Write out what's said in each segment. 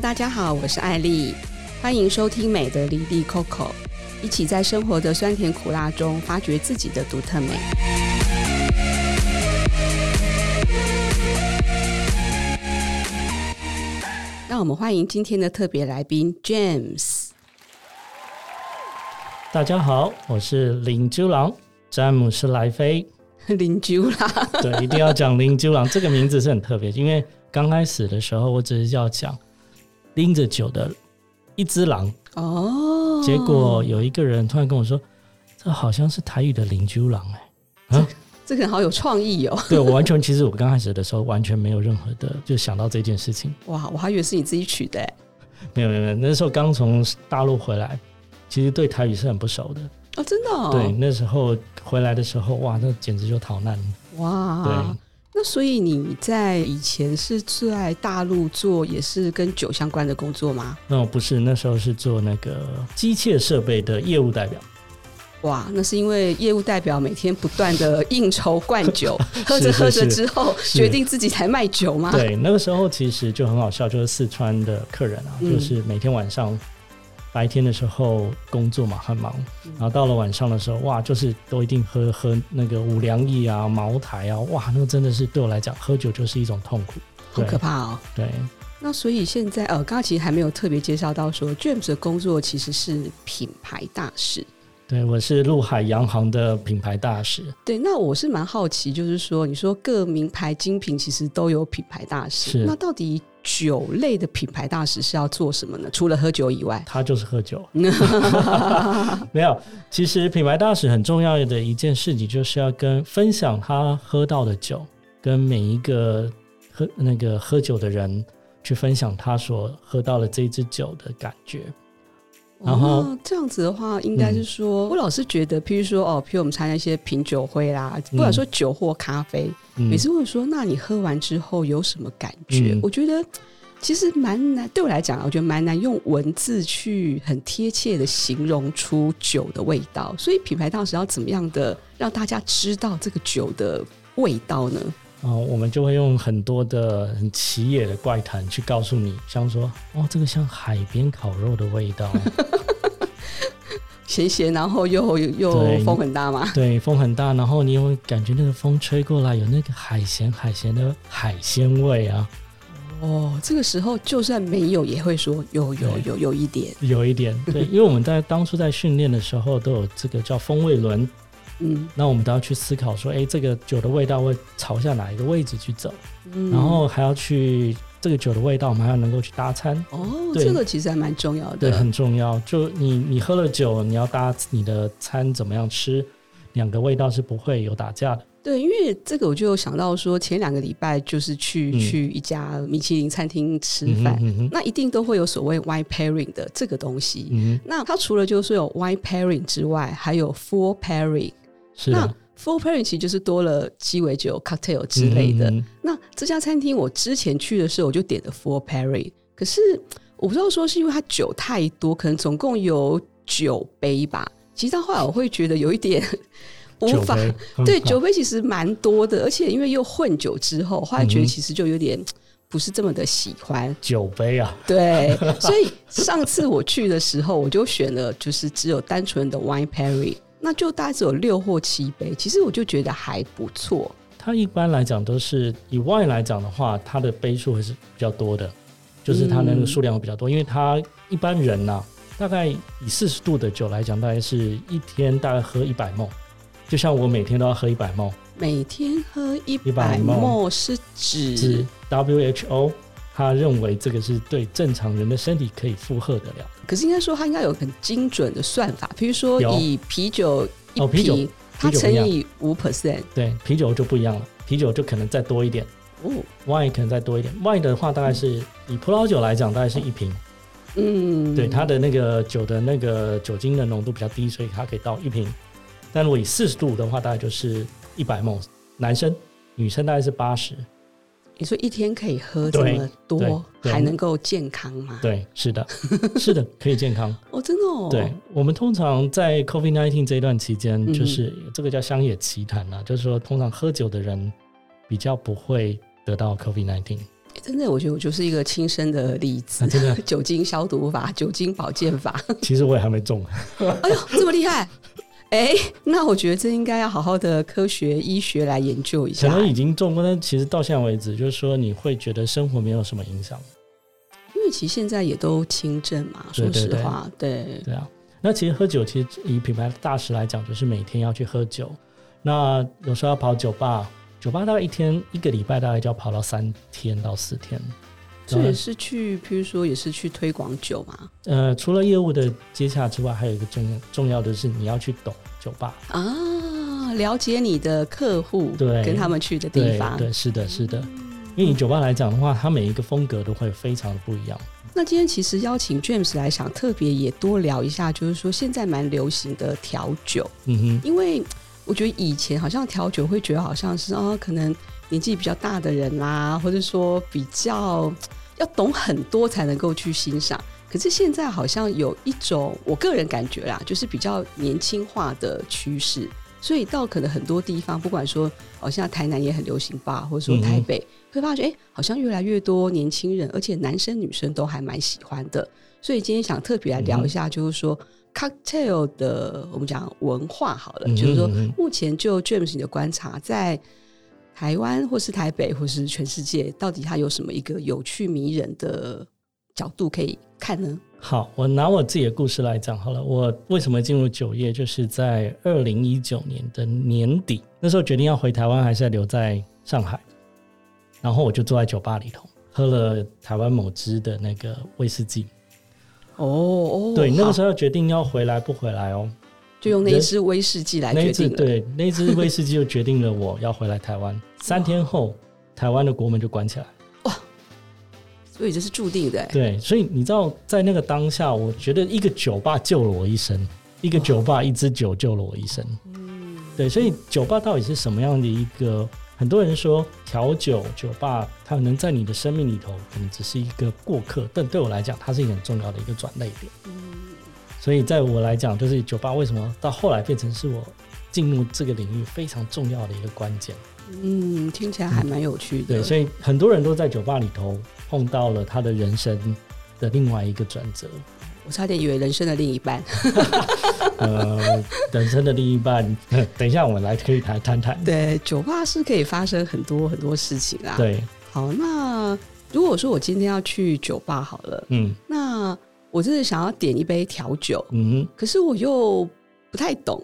大家好，我是艾莉，歡迎收聽美的哩哩扣扣，一起在生活的酸甜苦辣中發掘自己的獨特美。那我們歡迎今天的特別來賓 James。大家好，我是拎久狼，詹姆士萊菲。拎久狼，對，一定要講拎久狼 這個名字是很特別，因為剛開始的時候我只是要講。拎着酒的一隻狼哦，結果有一個人突然跟我說：“這好像是台語的鄰居狼、欸。這”哎、啊，這個人好有創意哦對！對我完全，其實我剛開始的時候完全沒有任何的就想到這件事情。哇，我還以為是你自己取的、欸。沒有沒有，那時候剛從大陸回來，其實對台語是很不熟的。哦，真的、哦？對，那時候回來的時候，哇，那簡直就逃難哇！對。那所以你在以前是在大陸做也是跟酒相關的工作嗎？嗯、哦，不是，那時候是做那個機械設備的業務代表。哇，那是因為業務代表每天不斷的應酬灌酒， 喝着喝着之後決定自己才賣酒嗎？對，那個時候其實就很好笑，就是四川的客人啊，嗯、就是每天晚上，白天的時候工作嘛，很忙，然後到了晚上的時候，嗯、哇，就是都一定喝喝那個五糧液啊、茅台啊，哇，那個真的是對我來講，喝酒就是一種痛苦，很可怕哦。對，那所以現在呃，剛剛其實還沒有特別介紹到說 James 的工作其實是品牌大使。對，我是陸海洋行的品牌大使。對，那我是蠻好奇，就是說，你說各名牌精品其實都有品牌大使，是那到底酒類的品牌大使是要做什麼呢？除了喝酒以外，他就是喝酒。 沒有，其實品牌大使很重要的一件事情，就是要跟分享他喝到的酒，跟每一個喝那個喝酒的人去分享他所喝到的這支酒的感覺。哦，這樣子的話，應該是說，嗯、我老是覺得，譬如說，哦，譬如我們參加一些品酒會啦，不管說酒或咖啡，嗯、每次問我說，那你喝完之後有什麼感覺？嗯、我覺得其實蠻難，對我來講、啊，我覺得蠻難用文字去很貼切的形容出酒的味道。所以品牌當時要怎麼樣的讓大家知道這個酒的味道呢？哦，我們就會用很多的很奇野的怪談去告訴你，像說哦，這個像海邊烤肉的味道， 鹹鹹，然後又又風很大嘛，對，風很大，然後你會感覺那個風吹過來，有那個海鹹海鹹的海鮮味啊。哦，這個時候就算沒有，也會說有有有有,有一點，有一點。對，因為我們在當初在訓練的時候都有這個叫風味輪。嗯，那我們都要去思考說，哎、欸，這個酒的味道會朝向哪一個位置去走？嗯，然後還要去這個酒的味道，我們還要能夠去搭餐。哦，對這個其實還蠻重要的。對，很重要。就你你喝了酒，你要搭你的餐怎麼樣吃？兩個味道是不會有打架的。對，因為這個我就想到說，前兩個禮拜就是去、嗯、去一家米其林餐廳吃飯，嗯嗯嗯嗯，那一定都會有所謂 wine pairing 的這個東西。嗯，嗯，那它除了就是說有 wine pairing 之外，還有 food pairing。那 full pairing 其實就是多了雞尾酒、cocktail 之類的。嗯嗯，那這家餐廳我之前去的時候，我就點的 full pairing，可是我不知道說是因為它酒太多，可能總共有酒杯吧。其實到後來我會覺得有一點無法，酒杯，對，嗯嗯，酒杯其實蠻多的，而且因為又混酒之後，後來覺得其實就有點不是這麼的喜歡酒杯啊。對，所以上次我去的時候，我就選了就是只有單純的 wine pairing。那就大概只有六或七杯，其實我就覺得還不錯。它一般來講都是以外來講的話，它的杯數還是比較多的，就是它那個數量會比較多，嗯、因為它一般人吶、啊，大概以四十度的酒來講，大概是一天大概喝 100ml，就像我每天都要喝 100ml，每天喝 100ml 是指 WHO。他認為這個是對正常人的身體可以負荷的了。可是應該說，他應該有很精準的算法。譬如說以啤酒，一瓶，哦、他它乘以五 percent，對，啤酒就不一樣了，啤酒就可能再多一點。哦，wine 可能再多一點，wine 的話大概是、嗯、以葡萄酒來講，大概是一瓶。嗯，對，它的那個酒的那個酒精的濃度比較低，所以它可以到一瓶。但如果以四十度的話，大概就是一百 m，男生女生大概是八十。你說一天可以喝這麼多，還能夠健康嗎？對，是的， 是的，可以健康。哦，真的哦。對，我們通常在 COVID nineteen 這一段期間，就是、嗯、這個叫鄉野奇談、啊、就是說通常喝酒的人比較不會得到 COVID nineteen。真的，我覺得我就是一個親身的例子。啊、 酒精消毒法，酒精保健法。其實我也還沒中、啊。 哎呦，這麼厲害！ 哎，那我覺得這應該要好好的科學醫學來研究一下。可能已經中過，但其實到現在為止，就是說你會覺得生活沒有什麼影響，因為其實現在也都輕症嘛。對對對，說實話，對對啊。那其實喝酒，其實以品牌大使來講，就是每天要去喝酒，那有時候要跑酒吧，酒吧大概一天，一個禮拜，大概就要跑到三天到四天。嗯、這也是去，譬如說，也是去推廣酒嘛。呃，除了業務的接洽之外，還有一個重重要的是，你要去懂酒吧啊，了解你的客戶，對，跟他們去的地方對。對，是的，是的。因為以酒吧來講的話，它、嗯、每一個風格都會非常的不一樣。那今天其實邀請 James 來，想特別也多聊一下，就是說現在蠻流行的調酒。嗯哼，因為我覺得以前好像調酒會覺得好像是啊、哦，可能年紀比較大的人啦、啊，或者說比較。要懂很多才能夠去欣賞，可是現在好像有一種我個人感覺啦，就是比較年輕化的趨勢，所以到可能很多地方，不管說哦，現在台南也很流行吧，或者說台北，嗯嗯，會發覺哎、欸，好像越來越多年輕人，而且男生女生都還蠻喜歡的，所以今天想特別來聊一下，就是說、嗯嗯、Cocktail 的我們講文化好了，嗯嗯嗯嗯，就是說目前就 James 你的觀察在。台灣，或是台北，或是全世界，到底它有什麼一個有趣迷人的角度可以看呢？好，我拿我自己的故事來講好了。我為什麼進入酒業，就是在二零一九年的年底，那時候決定要回台灣，還是要留在上海？然後我就坐在酒吧裡頭，喝了台灣某支的那個威士忌。哦，oh, oh, 對，那個時候要決定要回來不回來哦、喔，就用那一支威士忌來決定。對，那一支威士忌就決定了我要回來台灣。 三天後，台灣的國門就關起來、哦。所以這是注定的、欸。對，所以你知道，在那個當下，我覺得一個酒吧救了我一生，一個酒吧，一支酒救了我一生。嗯、哦。對，所以酒吧到底是什麼樣的一個？很多人說調酒酒吧，它可能在你的生命裡頭可能只是一個過客，但對我來講，它是一個很重要的一個轉捩點、嗯、所以在我來講，就是酒吧為什麼到後來變成是我進入這個領域非常重要的一個關鍵。嗯，聽起來還蠻有趣的。嗯，對，所以很多人都在酒吧裡頭碰到了他的人生的另外一個轉折。我差點以為人生的另一半。 呃，人生的另一半，等一下我們來可以談談談。對，酒吧是可以發生很多很多事情啊。對，好，那如果說我今天要去酒吧好了，嗯，那我就是想要點一杯調酒，嗯哼，可是我又不太懂。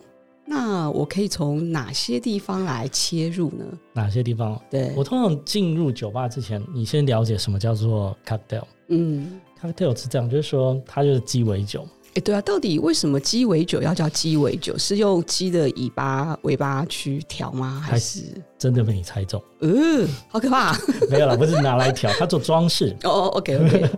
那我可以從哪些地方來切入呢？哪些地方？對。我通常進入酒吧之前，你先了解什麼叫做 cocktail？嗯，cocktail 是這樣，就是說它就是雞尾酒。哎、欸，對啊，到底為什麼雞尾酒要叫雞尾酒？是用雞的尾巴、尾巴去調嗎？還是還真的被你猜中？嗯，好可怕、啊！ 沒有啦，不是拿來調，它 做裝飾。哦、oh，OK OK，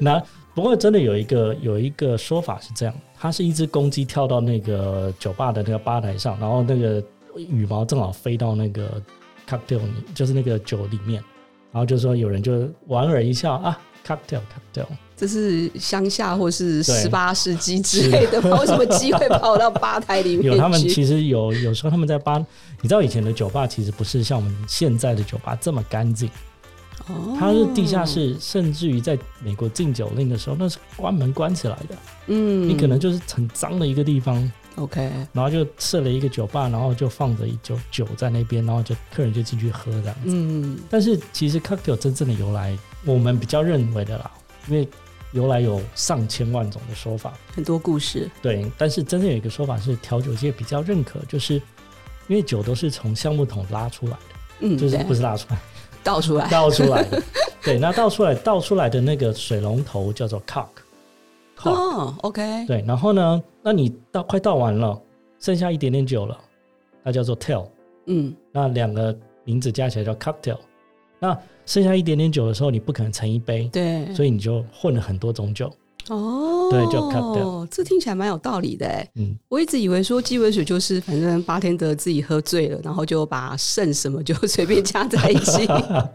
那。 不過真的有一個有一個說法是這樣，它是一隻公雞跳到那個酒吧的那個吧台上，然後那個羽毛正好飛到那個 cocktail，就是那個酒裡面，然後就說有人就莞爾一笑啊，cocktail cocktail。這是鄉下或是十八世紀之類的嗎？為什麼雞會跑到吧台裡面？ 有他們其實有有時候他們在吧， 你知道以前的酒吧其實不是像我們現在的酒吧這麼乾淨。它是地下室，甚至於在美國禁酒令的時候，那是關門關起來的。嗯，你可能就是很髒的一個地方。OK，然後就設了一個酒吧，然後就放着一酒酒在那邊，然後就客人就進去喝這樣子。嗯，但是其實 cocktail 真正的由來，我們比較認為的啦，因為由來有上千萬種的說法，很多故事。對，但是真正有一個說法是調酒界比較認可，就是因為酒都是從橡木桶拉出來的，嗯，就是不是拉出來。倒出來，倒出來， 對，那倒出來，倒出來的那個水龍頭叫做 cock，哦、oh，OK，對，然後呢，那你倒快倒完了，剩下一點點酒了，那叫做 tail，嗯，那兩個名字加起來叫 cocktail，那剩下一點點酒的時候，你不可能盛一杯，對，所以你就混了很多種酒。哦，oh, 對，就喝的，這聽起來蠻有道理的哎。嗯，我一直以為說雞尾酒就是反正 bartender 自己喝醉了，然後就把剩什麼就隨便加在一起。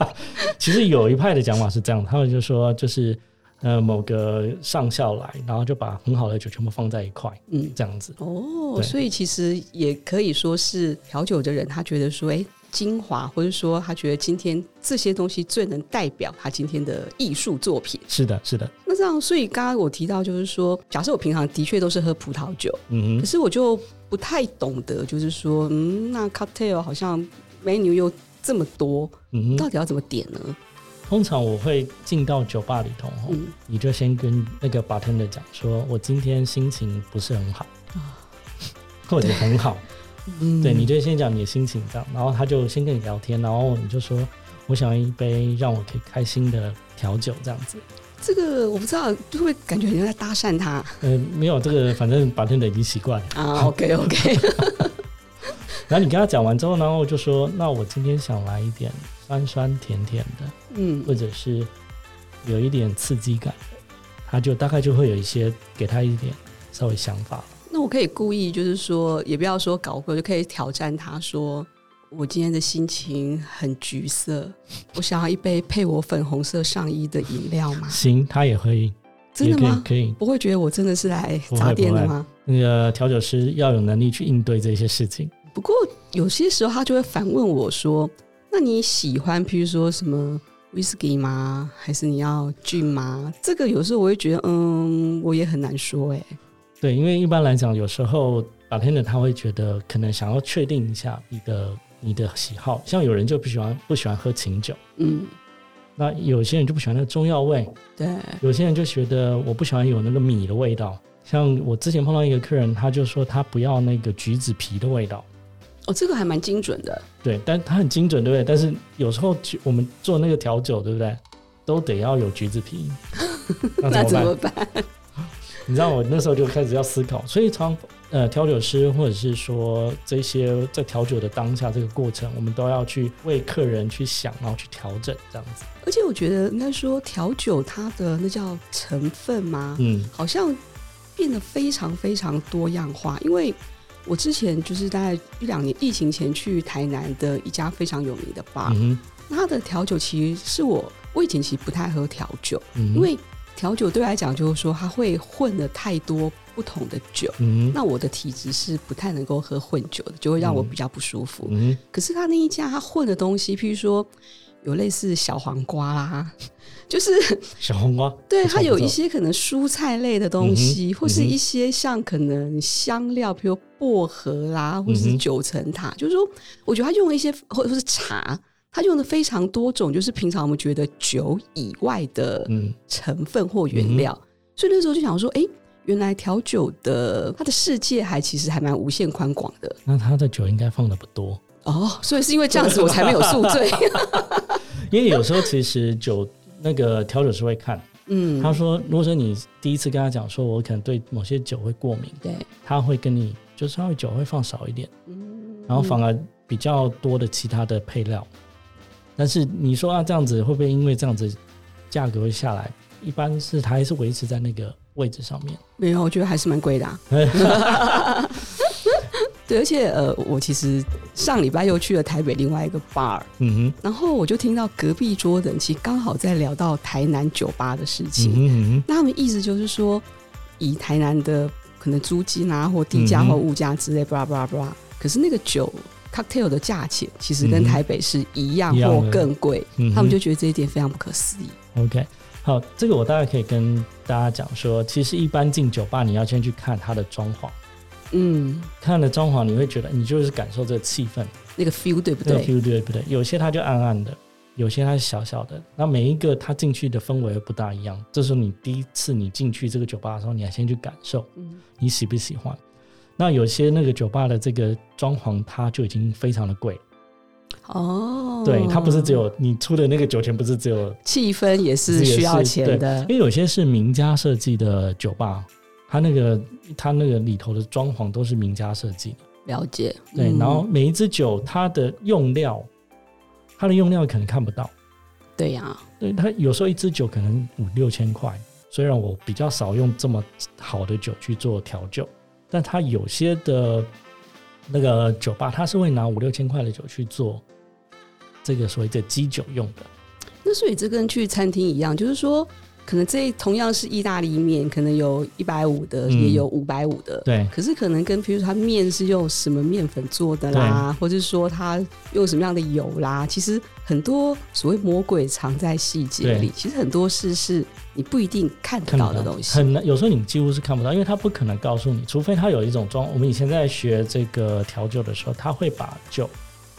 其實有一派的講法是這樣的，他們就說就是 呃某個上校來，然後就把很好的酒全部放在一塊，嗯，這樣子。哦、oh, 對，所以其實也可以說是調酒的人，他覺得說，哎。精華，或者說他覺得今天這些東西最能代表他今天的藝術作品。是的，是的，是的。那這樣，所以剛剛我提到，就是說，假設我平常的確都是喝葡萄酒，嗯哼，可是我就不太懂得，就是說，嗯、那 Cocktail 好像 Menu 又這麼多，嗯哼，到底要怎麼點呢？通常我會進到酒吧裡頭，嗯、你就先跟那個 Bartender 講，說我今天心情不是很好，啊、或者很好。嗯，對，你就先講你的心情這樣，然後他就先跟你聊天，然後你就說，我想要一杯讓我可以開心的調酒這樣子。這個我不知道，就會，會感覺人在搭訕他？嗯、呃，沒有，這個反正白天累積習慣了啊。OK OK。 然後你跟他講完之後，然後就說，那我今天想來一點酸酸甜甜的，嗯，或者是有一點刺激感的，他就大概就會有一些給他一點稍微想法。那我可以故意就是說，也不要說搞鬼，就可以挑戰他說：“我今天的心情很橘色，我想要一杯配我粉紅色上衣的飲料嗎？”行，他也可以，真的嗎？可以，可以不會覺得我真的是來砸店的嗎？那個調酒師要有能力去應對這些事情。不過有些時候他就會反問我說：“那你喜歡，譬如說什麼 whisky 嗎？還是你要 gin 嗎？”這個有時候我會覺得，嗯，我也很難說哎、欸。對，因為一般來講，有時候打天的他會覺得可能想要確定一下一個你的喜好，像有人就不喜歡不喜歡喝清酒，嗯，那有些人就不喜歡那個中藥味，對，有些人就覺得我不喜歡有那個米的味道，像我之前碰到一個客人，他就說他不要那個橘子皮的味道，哦，這個還蠻精準的，對，但他很精準，對不對？但是有時候我們做那個調酒，對不對？都得要有橘子皮， 那怎麼辦？ 你知道我那時候就開始要思考，對所以從呃調酒師，或者是說這些在調酒的當下這個過程，我們都要去為客人去想，然後去調整這樣子。而且我覺得應該說調酒它的那叫成分嗎？嗯，好像變得非常非常多樣化。因為我之前就是大概一兩年疫情前去台南的一家非常有名的吧，嗯哼那他的調酒其實是我，我以前其實不太喝調酒，嗯、哼因為。調酒對我來講就是說，他會混了太多不同的酒，嗯哼，那我的體質是不太能夠喝混酒的，就會讓我比較不舒服。嗯哼，可是他那一家它混的東西，譬如說有類似小黃瓜啦，就是小黃瓜，對它有一些可能蔬菜類的東西，嗯嗯、或是一些像可能香料，比如說薄荷啦，或是九層塔，嗯、哼就是說，我覺得他用一些或者是茶。他用的非常多種，就是平常我們覺得酒以外的成分或原料，嗯、所以那時候就想說，哎、欸，原來調酒的他的世界還其實還蠻無限寬廣的。那他的酒應該放的不多哦，所以是因為這樣子我才沒有宿醉。對因為有時候其實酒 那個調酒師會看，嗯，他說如果說你第一次跟他講說我可能對某些酒會過敏，對，他會跟你就稍微酒會放少一點，嗯，然後反而比較多的其他的配料。但是你說啊，這樣子會不會因為這樣子價格會下來？一般是它還是維持在那個位置上面。沒有，我覺得還是蠻貴的啊。 對，而且呃，我其實上禮拜又去了台北另外一個 bar，嗯哼，然後我就聽到隔壁桌的人其實剛好在聊到台南酒吧的事情。嗯哼，嗯哼，那他們意思就是說，以台南的可能租金啊或地價或物價之類，blah blah blah 可是那個酒。cocktail 的價錢其實跟台北是一樣，嗯嗯，或更貴，嗯嗯，他們就覺得這一點非常不可思議。OK，好，這個我大概可以跟大家講說，其實一般進酒吧你要先去看它的裝潢，嗯，看了裝潢你會覺得你就是感受這個氣氛，那個 feel 對不對？對，feel 對不對？有些它就暗暗的，有些它是小小的，那每一個它進去的氛圍不大一樣。這時候你第一次你進去這個酒吧的時候，你要先去感受，你喜不喜歡？那有些那個酒吧的這個裝潢，它就已經非常的貴哦。對，它不是只有你出的那個酒錢，不是只有，是氣氛也是需要錢的對。因為有些是名家設計的酒吧，它那個它那個裡頭的裝潢都是名家設計的。了解。嗯、對，然後每一支酒它的用料，它的用料可能看不到。對呀、啊，對，它有時候一支酒可能五六千塊。雖然我比較少用這麼好的酒去做調酒。但他有些的那個酒吧，他是會拿五六千塊的酒去做這個所謂的基酒用的。那所以這跟去餐廳一樣，就是說。可能這同樣是意大利麵，可能有一百五的，嗯、也有五百五的。對。可是可能跟，譬如說它麵是用什麼麵粉做的啦，對或者說它用什麼樣的油啦，其實很多所謂魔鬼藏在細節裡。對其實很多事是你不一定看得到的東西，很難。有時候你幾乎是看不到，因為他不可能告訴你，除非他有一種裝。我們以前在學這個調酒的時候，他會把酒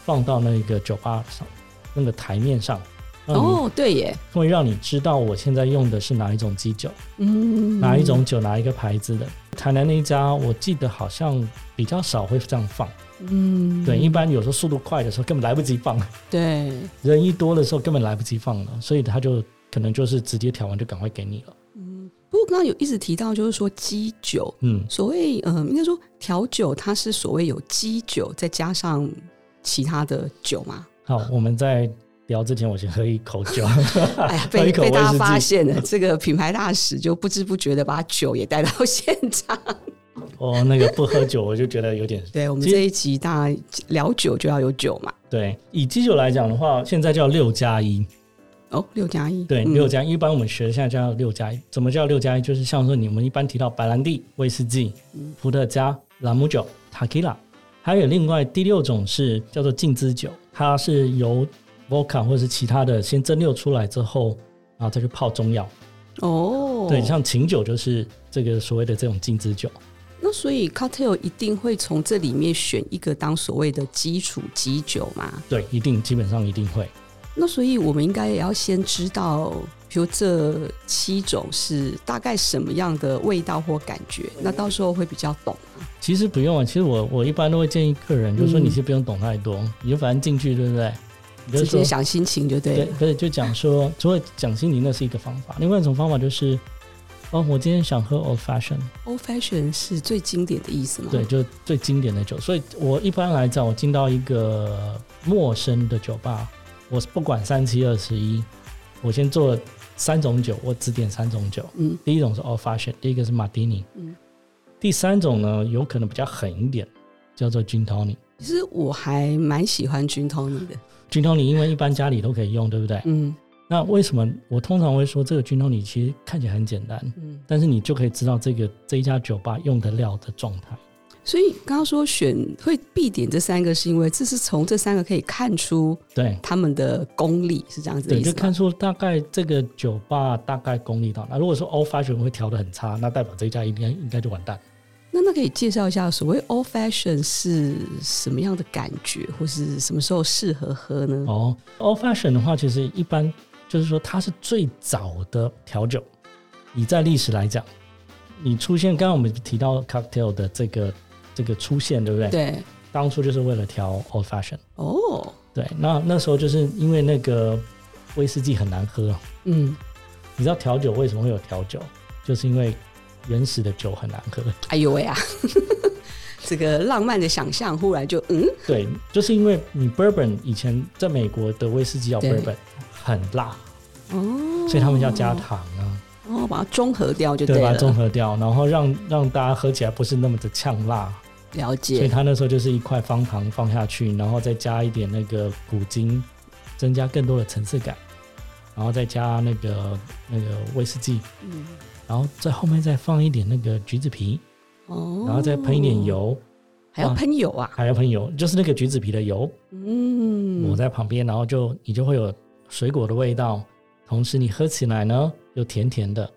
放到那個酒吧上那個檯面上。嗯、哦，對耶，會讓你知道我現在用的是哪一種基酒，嗯，嗯，哪一種酒，嗯、哪一個牌子的。台南那家，我記得好像比較少會這樣放，嗯，對，一般有時候速度快的時候根本來不及放，對，人一多的時候根本來不及放了，所以他就可能就是直接調完就趕快給你了。嗯，不過剛剛有一直提到就是說基酒，嗯，所謂嗯、呃，應該說調酒它是所謂有基酒再加上其他的酒嘛。好，我們再。聊之前，我先喝一口酒。哎呀 被，被大家發現了， 這個品牌大使就不知不覺的把酒也帶到現場。哦 ，oh, 那個不喝酒我就覺得有點…… 對，我們這一集大家聊酒就要有酒嘛。對，以基酒來講的話，現在叫六加一。哦，六加一。1, 對，六加一。1, 一般我們學的現在叫六加一，怎麼叫六加一？1? 就是像說你們一般提到白蘭地、威士忌、伏特、嗯、加、朗姆酒、塔基拉，還有另外第六種是叫做琴酒，它是由。vodka 或是其他的，先蒸餾出來之後，然後再去泡中藥。哦，oh, 對，像琴酒就是這個所謂的這種禁止酒。那所以 cocktail 一定會從這裡面選一個當所謂的基礎基酒嘛？對，一定，基本上一定會。那所以我們應該也要先知道，比如這七種是大概什麼樣的味道或感覺，那到時候會比較懂。啊，其實不用啊，其實我我一般都會建議客人，就是說你先不用懂太多，嗯、你就反正進去，對不對？直接想心情就對了，對，對，不就講說，除了講心情，那是一個方法。另外一種方法就是，哦，我今天想喝 old fashion。old fashion 是最經典的意思嗎？對，就最經典的酒。所以我一般來講，我進到一個陌生的酒吧，我不管三七二十一，我先做三種酒，我只點三種酒。嗯，第一種是 old fashion，第一個是馬提尼。嗯，第三種呢，嗯，有可能比較狠一點，叫做 gin tonic。其實我還蠻喜歡 gin tonic 的。軍通里，ly, 因為一般家裡都可以用，對不對？嗯。那為什麼我通常會說這個軍通里其實看起來很簡單，嗯，但是你就可以知道這個這一家酒吧用的料的狀態。所以剛剛說選會必點這三個，是因為這是從這三個可以看出，對他們的功力對是這樣子的。你就看出大概這個酒吧大概功力到。那如果說 Old Fashioned 會調得很差，那代表這一家應該應該就完蛋。那可以介紹一下所謂 old fashion 是什麼樣的感覺，或是什麼時候適合喝呢？哦，old fashion 的話，其實一般就是說它是最早的調酒。你在歷史來講，你出現，剛剛我們提到 cocktail 的這個這個出現，對不對？對，當初就是為了調 old fashion。哦，對，那那時候就是因為那個威士忌很難喝。嗯，你知道調酒為什麼會有調酒？就是因為原始的酒很難喝。哎呦喂啊呵呵！這個浪漫的想象忽然就嗯，對，就是因為你 Bourbon 以前在美國的威士忌叫 Bourbon 對很辣哦，所以他們要加糖啊，哦,哦，把它中和掉就對，把它中和掉，然後讓讓大家喝起來不是那麼的嗆辣。了解。所以他那時候就是一塊方糖放下去，然後再加一點那個苦精，增加更多的層次感，然後再加那個那個威士忌。嗯。然後在後面再放一點那個橘子皮，哦，然後再噴一點油，還要噴油啊？啊，還要噴油，就是那個橘子皮的油，嗯，抹在旁邊，然後就你就會有水果的味道，同時你喝起來呢又甜甜的，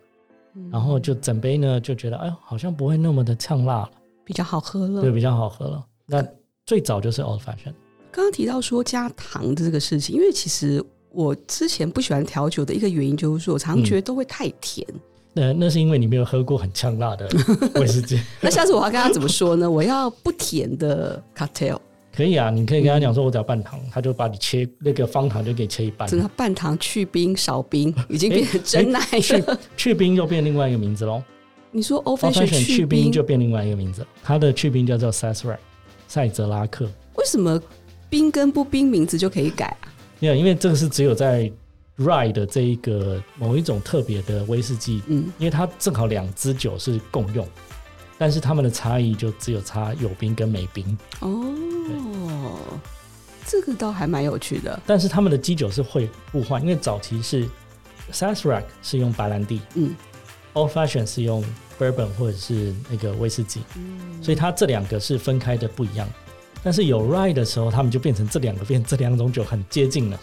然後就整杯呢就覺得哎，好像不會那麼的嗆辣了，比較好喝了。對，比較好喝了。那個。但最早就是 Old Fashion。剛剛提到說加糖的這個事情，因為其實我之前不喜歡調酒的一個原因就是說，我常常覺得都會太甜。嗯那那是因為你沒有喝過很嗆辣的威士忌。 那下次我要跟他怎麼說呢？ 我要不甜的 Cocktail 可以啊，你可以跟他講說，我只要半糖，嗯、他就把你切那個方糖就給切一半。真的，半糖去冰少冰已經變成珍奶了、 欸欸、去去冰就變另外一個名字嘍？你說 Old Fashioned 去冰就變另外一個名字，它的去冰叫做 Sazerac 塞澤拉克。為什麼冰跟不冰名字就可以改啊？沒有，因為這個是只有在。Rye 的這一個某一種特別的威士忌，嗯，因為它正好兩支酒是共用，但是它們的差異就只有差有冰跟沒冰。哦，對這個倒還蠻有趣的。但是他們的基酒是會互換，因為早期是 Sazerac 是用白蘭地，嗯，Old Fashioned 是用 Bourbon 或者是那個威士忌，嗯，所以它這兩個是分開的不一樣。但是有 Rye 的時候，他們就變成這兩個變成這兩種酒很接近了。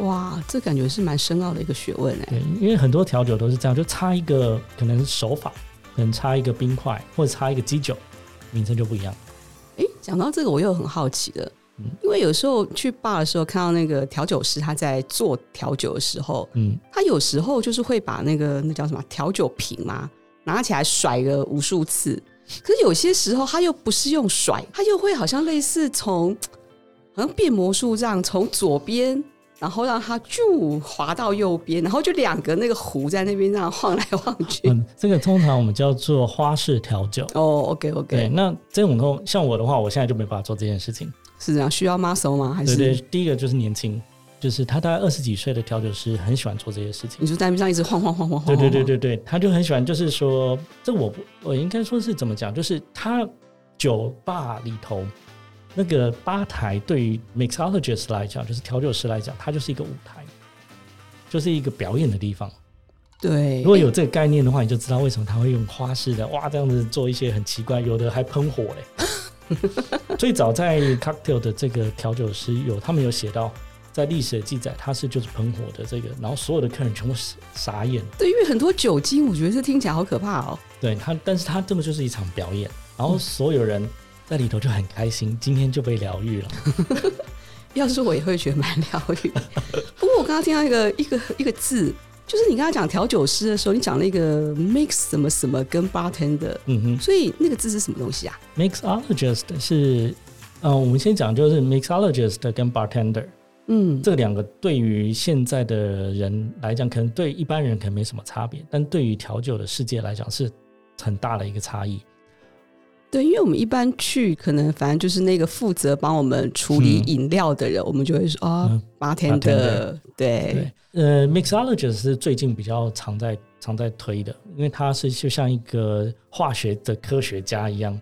哇，這感覺是蠻深奧的一個學問哎、欸。對，因為很多調酒都是這樣，就差一個可能是手法，可能差一個冰塊，或者差一個基酒，名稱就不一樣。講、欸、到這個，我又很好奇了。嗯、因為有時候去 bar 的時候，看到那個調酒師他在做調酒的時候，嗯，他有時候就是會把那個那叫什麼調酒瓶嘛、啊，拿起來甩個無數次。可是有些時候他又不是用甩，他又會好像類似從好像變魔術這樣從左邊。然後讓它就滑到右邊，然後就兩個那個弧，在那邊這樣晃來晃去。嗯，這個通常我們叫做花式調酒。哦，OK，OK。對，那這種都像我的話，我現在就沒辦法做這件事情。是這、啊、樣，需要 muscle 嗎？還是對，對，第一個就是年輕，就是他大概二十幾歲的調酒師，很喜歡做這些事情。你就在那邊上一直晃晃晃晃晃、晃。對對對對對，他就很喜歡，就是說這我不，我應該說是怎麼講？就是他酒吧裡頭。那個吧台對於 mixologist 來講，就是調酒師來講，它就是一個舞台，就是一個表演的地方。對，如果有這個概念的話，欸、你就知道為什麼他會用花式的哇，這樣子做一些很奇怪，有的還噴火嘞。 最早在 cocktail 的這個調酒師有他們有寫到，在歷史的記載，他是就是噴火的這個，然後所有的客人全部傻眼。對，因為很多酒精，我覺得這聽起來好可怕哦。對他，但是他真的就是一場表演，然後所有人。嗯在裡頭就很開心，今天就被療癒了。 要是我也會覺得蠻療癒。 不過我剛剛聽到一個一個一個字，就是你剛剛講調酒師的時候，你講了一個 mix 什麼什麼跟 bartender，嗯哼，所以那個字是什麼東西啊？Mixologist 是，嗯、呃，我們先講就是 mixologist 跟 bartender，嗯，這兩個對於現在的人來講，可能對一般人可能沒什麼差別，但對於調酒的世界來講是很大的一個差異。對，因為我們一般去，可能反正就是那個負責幫我們處理飲料的人，我們就會說啊，bartender。對，呃，mixologist 是最近比較常在常在推的，因為他是就像一個化學的科學家一樣。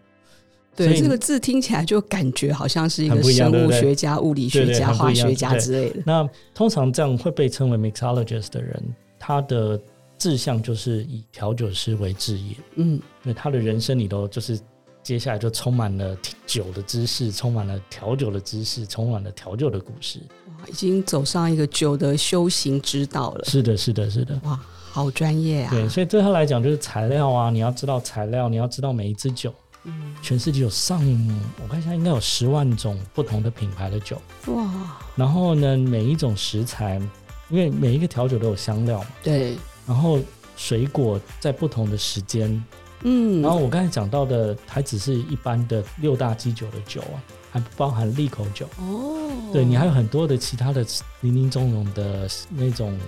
對，這個字聽起來就感覺好像是一個生物學家、物理學家、化學家之類的。那通常這樣會被稱為 mixologist 的人，他的志向就是以調酒師為職業。嗯，對他的人生裡頭就是。接下來就充滿了酒的知識，充滿了調酒的知識，充滿了調酒的故事。哇，已經走上一個酒的修行之道了。是的，是的，是的。哇，好專業啊！對，所以對他來講，就是材料啊，嗯、你要知道材料，你要知道每一支酒。嗯。全世界有上，我看一下，應該有十萬種不同的品牌的酒。哇。然後呢，每一種食材，因為每一個調酒都有香料嘛。對。然後水果在不同的時間。嗯，然後我剛才講到的還只是一般的六大基酒的酒啊，還不包含利口酒哦。對，你還有很多的其他的林林種種的那種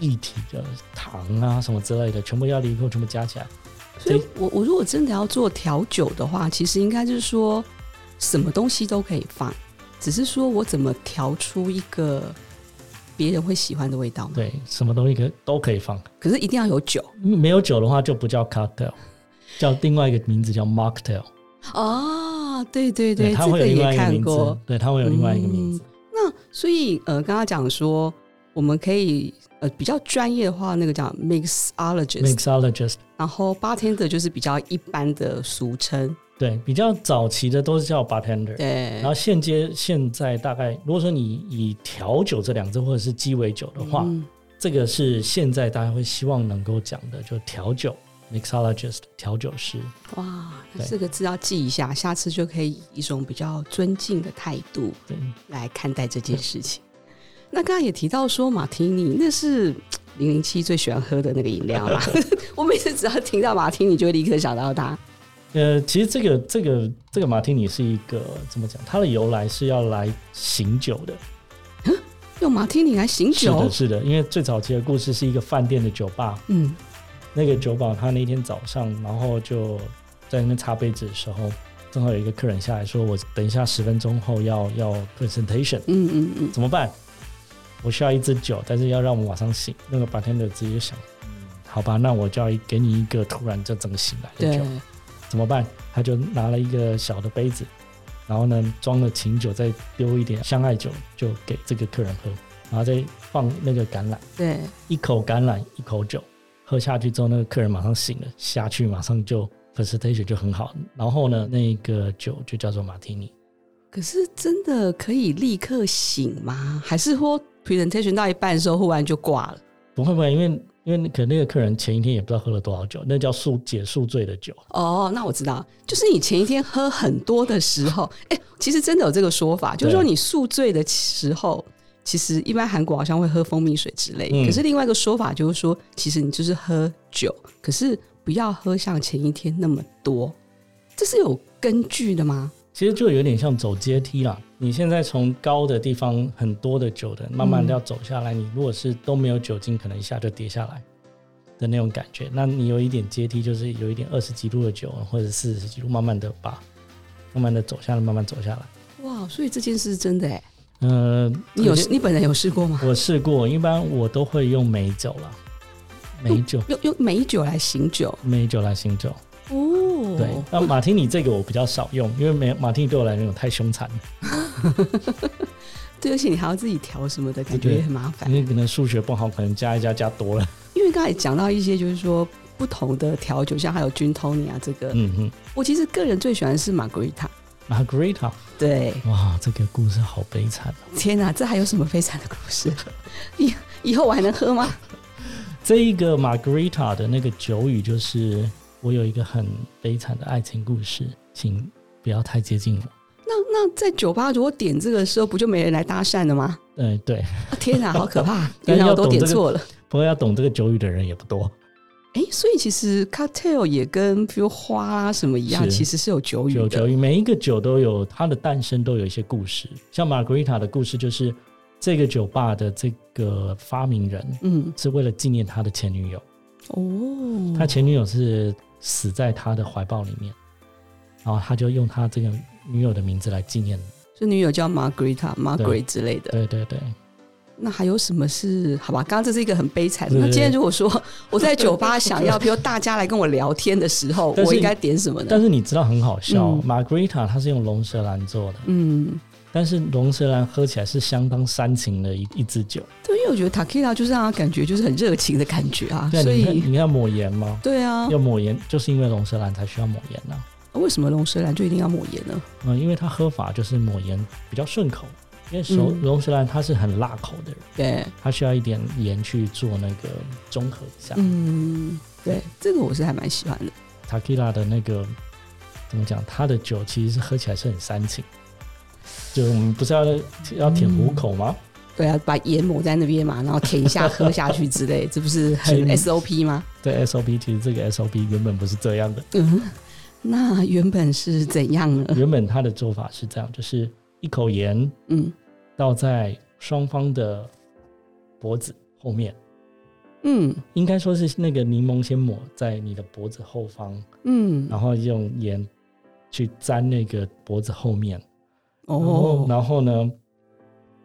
液體的糖啊什麼之類的，全部要利口全部加起來。所以，所以我我如果真的要做調酒的話，其實應該就是說什麼東西都可以放，只是說我怎麼調出一個別人會喜歡的味道。對，什麼東西可都可以放，可是一定要有酒，沒有酒的話就不叫 cocktail 叫另外一個名字叫 mocktail 哦、啊，對對對，對這個，他會有另外一個也看過、嗯、對，它會有另外一個名字。那所以呃，剛剛講說，我們可以呃比較專業的話，那個叫 mixologist，mixologist，Mix ologist 然後 bartender 就是比較一般的俗稱。對，比較早期的都是叫 bartender，對。然後現階現在大概，如果說你以調酒這兩個字或者是雞尾酒的話，嗯、這個是現在大家會希望能夠講的，就調酒。mixologist 調酒師哇，那這個字要記一下，對下次就可以以一種比較尊敬的態度來看待這件事情。那剛才也提到說，馬提尼那是零零七最喜歡喝的那個飲料啦。 我每次只要聽到馬提尼，就會立刻想到他。呃，其實這個這個這個馬提尼是一個怎麼講？它的由來是要來醒酒的，啊、用馬提尼來醒酒。是的，是的，因為最早期的故事是一個飯店的酒吧，嗯。那個酒保他那天早上，嗯、然後就在那擦杯子的時候，正好有一個客人下來說：“我等一下十分鐘後要要 presentation。”嗯嗯嗯，怎麼辦？我需要一支酒，但是要讓我馬上醒。那個 bartender 自己就想：“嗯、好吧，那我就要給你一個突然就整個醒來的酒。對”怎麼辦？他就拿了一個小的杯子，然後呢裝了琴酒，再丟一點香艾酒，就給這個客人喝，然後再放那個橄欖。對，一口橄欖，一口酒。喝下去之後，那個客人馬上醒了，下去馬上就 presentation 就很好。然後呢，那個酒就叫做馬提尼。可是真的可以立刻醒嗎？還是說 presentation 到一半的時候忽然就掛了？不會不會，因為因為可能那個客人前一天也不知道喝了多少酒，那叫速解宿醉的酒。哦，那我知道，就是你前一天喝很多的時候，哎、 欸，其實真的有這個說法，就是說你宿醉的時候。其實一般韓國好像會喝蜂蜜水之類，嗯、可是另外一個說法就是說，其實你就是喝酒，可是不要喝像前一天那麼多。這是有根據的嗎？其實就有點像走階梯了，你現在從高的地方很多的酒的，慢慢的要走下來，嗯、你如果是都沒有酒精，可能一下就跌下來的那種感覺。那你有一點階梯，就是有一點二十幾度的酒，或者四十幾度，慢慢的把慢慢的走下來，慢慢走下來。哇，所以這件事是真的哎、欸。呃，你有是你本人有試過嗎？我試過，一般我都會用美酒了。美酒用用美酒來醒酒，美酒來醒酒。哦，對，那馬丁尼這個我比較少用，因為美馬丁尼對我來講太凶殘了。 對不起，而且你還要自己調什麼的感覺也很麻煩、這個。因為可能數學不好，可能加一加加多了。因為剛才講到一些，就是說不同的調酒，像還有君托尼啊這個。嗯哼，我其實個人最喜歡的是瑪格麗塔。Margherita，對，哇，這個故事好悲慘。天哪，這還有什麼悲慘的故事？以 以後我還能喝嗎？這一個 Margarita 的那個酒語就是，我有一個很悲慘的愛情故事，請不要太接近我。那那在酒吧如果點這個時候，不就沒人來搭訕了嗎？嗯、對對、啊，天哪，好可怕！然後都點錯了。這個、不過要懂這個酒語的人也不多。哎，所以其實 cocktail 也跟比如花啊什麼一樣，是其實是有酒語的。有酒語，每一個酒都有它的誕生，都有一些故事。像 Margarita 的故事，就是這個酒吧的這個發明人，嗯，是為了紀念他的前女友。哦、嗯，他前女友是死在他的懷抱裡面，然後他就用他這個女友的名字來紀念。這女友叫 Margarita，Margarita、er、之類的對。對對對。那還有什麼是好吧？剛剛這是一個很悲慘的。那今天如果說我在酒吧想要，比如大家來跟我聊天的時候， 是我應該點什麼呢？但是你知道很好笑、哦嗯、Margarita 它是用龍舌蘭做的，嗯，但是龍舌蘭喝起來是相當煽情的一一支酒。對，因為我覺得 Takita 就是讓它感覺就是很熱情的感覺啊。所以對，你你要抹鹽嗎？對啊，要抹鹽就是因為龍舌蘭才需要抹鹽呢、啊。為什麼龍舌蘭就一定要抹鹽呢？嗯，因為它喝法就是抹鹽比較順口。因為龍舌蘭它是很辣口的人，對、嗯，它需要一點鹽去做那個綜合一下。嗯，對，這個我是還蠻喜歡的。Tequila 的那個怎麼講？它的酒其實是喝起來是很煽情，就我們不是要要舔虎口嗎、嗯？對啊，把鹽抹在那邊嘛，然後舔一下喝下去之類， 這不是很 SOP 嗎？對 SOP，其實這個 SOP 原本不是這樣的。嗯，那原本是怎樣呢？原本他的做法是這樣，就是。一口鹽，嗯，倒在雙方的脖子後面，嗯，應該說是那個檸檬先抹在你的脖子後方，嗯，然後用鹽去沾那個脖子後面，哦，然後呢，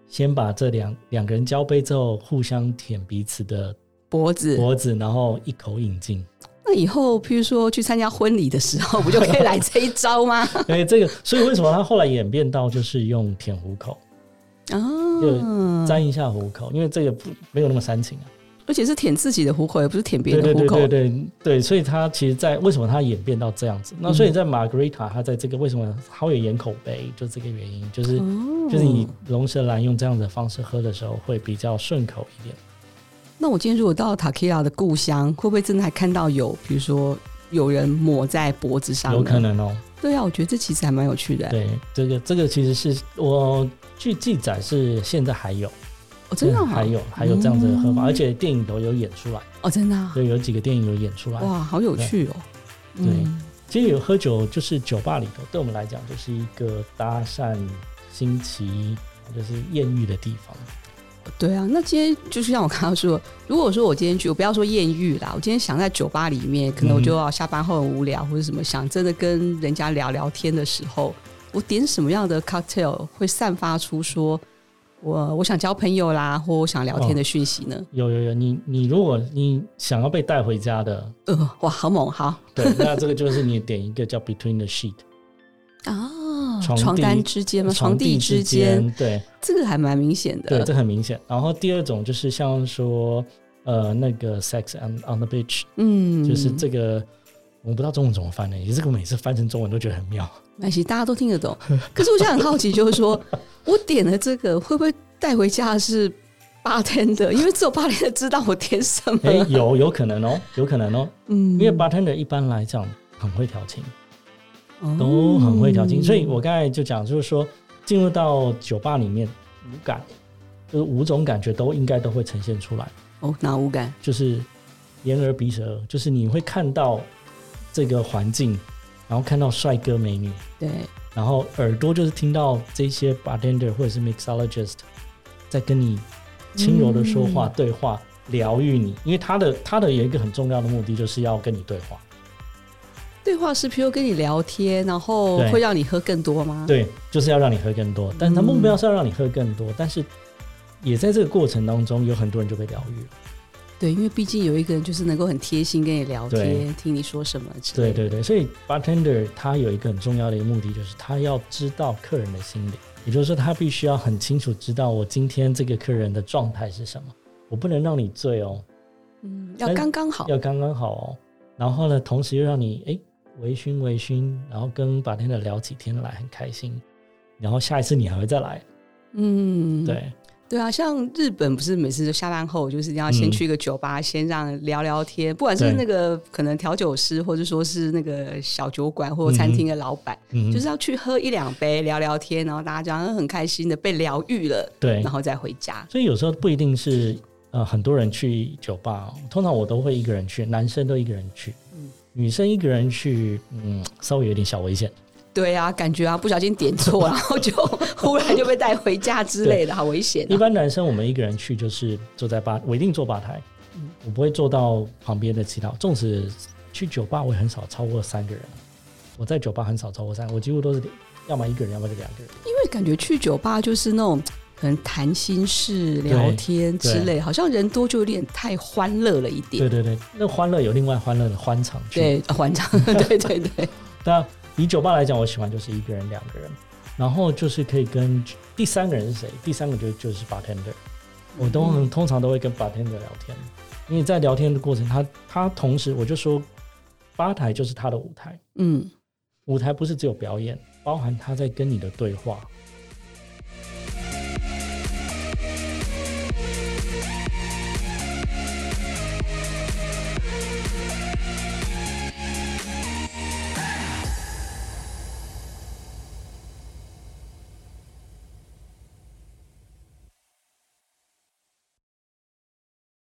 先把這兩兩個人交杯之後，互相舔彼此的脖子脖子，然後一口飲盡。那以後，譬如說去參加婚禮的時候，不就可以來這一招嗎？所以 這個，所以為什麼他後來演變到就是用舔虎口哦，啊、就沾一下虎口，因為這個不沒有那麼煽情啊，而且是舔自己的虎口，而不是舔別人的虎口。對對，對，對，對，所以他其實在，在為什麼他演變到這樣子？那所以在瑪格麗塔，他在這個為什麼會有鹽口杯，就這個原因，就是、哦、就是你龍舌蘭用這樣的方式喝的時候，會比較順口一點。那我今天如果到了塔克伊拉的故鄉，會不會真的還看到有，比如說有人抹在脖子上面？有可能哦。對呀、啊，我覺得這其實還蠻有趣的、欸。對，這個這個其實是我據記載是現在還有，哦，真的、啊、還有還有這樣子的喝法，嗯、而且電影都有演出來哦，真的、啊。對，有幾個電影有演出來，哇，好有趣哦。對，其實、嗯、有喝酒就是酒吧裡頭，對我們來講就是一個搭訕、新奇，就是豔遇的地方。對啊，那今天就是像我剛剛說，如果說我今天去，我不要說豔遇啦，我今天想在酒吧裡面，可能我就要下班後很無聊、嗯、或者什麼，想真的跟人家聊聊天的時候，我點什麼樣的 cocktail 會散發出說我我想交朋友啦，或我想聊天的訊息呢？哦、有有有，你你如果你想要被帶回家的，呃，哇，好猛，好， 對，那這個就是你點一個叫 Between the Sheet 啊。床，床單之間嗎？床地之間，之間對，這個還蠻明顯的。對，這很明顯。然後第二種就是像說，呃，那個 Sex and on the beach，嗯，就是這個，我不知道中文怎麼翻的。也這個每次翻成中文都覺得很妙，其實大家都聽得懂。可是我想很好奇，就是說 我點了這個，會不會帶回家是 Bartender？因為只有 Bartender 知道我點什麼、啊欸。有有可能哦，有可能哦。嗯，因為 Bartender，一般來講很會調情。都很會調情，哦，所以我剛才就講，就是說進入到酒吧裡面，五感就是五種感覺都應該都會呈現出來。哦，哪五感？就是眼、耳、鼻、舌，就是你會看到這個環境，然後看到帥哥美女，對，然後耳朵就是聽到這些 bartender 或者是 mixologist 在跟你輕柔的說話、嗯，對話，療癒你，因為他的他的有一個很重要的目的，就是要跟你對話。對話是譬如跟你聊天，然後會讓你喝更多嗎？對，就是要讓你喝更多。但他目標是要讓你喝更多，嗯、但是也在這個過程當中，有很多人就被療癒了。對，因為畢竟有一個人就是能夠很貼心跟你聊天，對聽你說什麼。對對對，所以 bartender 他有一個很重要的一個目的，就是他要知道客人的心理，也就是說他必須要很清楚知道我今天這個客人的狀態是什麼。我不能讓你醉哦，嗯，要剛剛好，要剛剛好哦。然後呢，同時又讓你哎。微醺，微醺，然後跟吧台的聊起天來很開心，然後下一次你還會再來。嗯，對，對啊，像日本不是每次就下班後就是要先去一個酒吧，嗯、先這樣聊聊天，不管是那個對可能調酒師，或者說是那個小酒館或者餐廳的老板，嗯、就是要去喝一兩杯，聊聊天，然後大家就這樣很開心的被療癒了，對，然後再回家。所以有時候不一定是呃很多人去酒吧，通常我都會一個人去，男生都一個人去。女生一個人去，嗯，稍微有點小危險。對啊，感覺啊，不小心點錯， 然後就忽然就被帶回家之類的， 對好危險啊。一般男生我們一個人去就是坐在吧，我一定坐吧台，我不會坐到旁邊的其他。縱使去酒吧我也很少超過三個人，我在酒吧很少超過三，我幾乎都是要麼一個人，要麼就兩個人。因為感覺去酒吧就是那種。可能談心事、聊天之類，好像人多就有點太歡樂了一點。對對對，那歡樂有另外歡樂的歡場。對、啊、歡場， 對，對對對。那以酒吧來講，我喜歡就是一個人、兩個人，然後就是可以跟第三個人是誰？第三個就就是 bartender，我都、嗯、通常都會跟 bartender 聊天，因為在聊天的過程，他他同時我就說，吧台就是他的舞台，嗯，舞台不是只有表演，包含他在跟你的對話。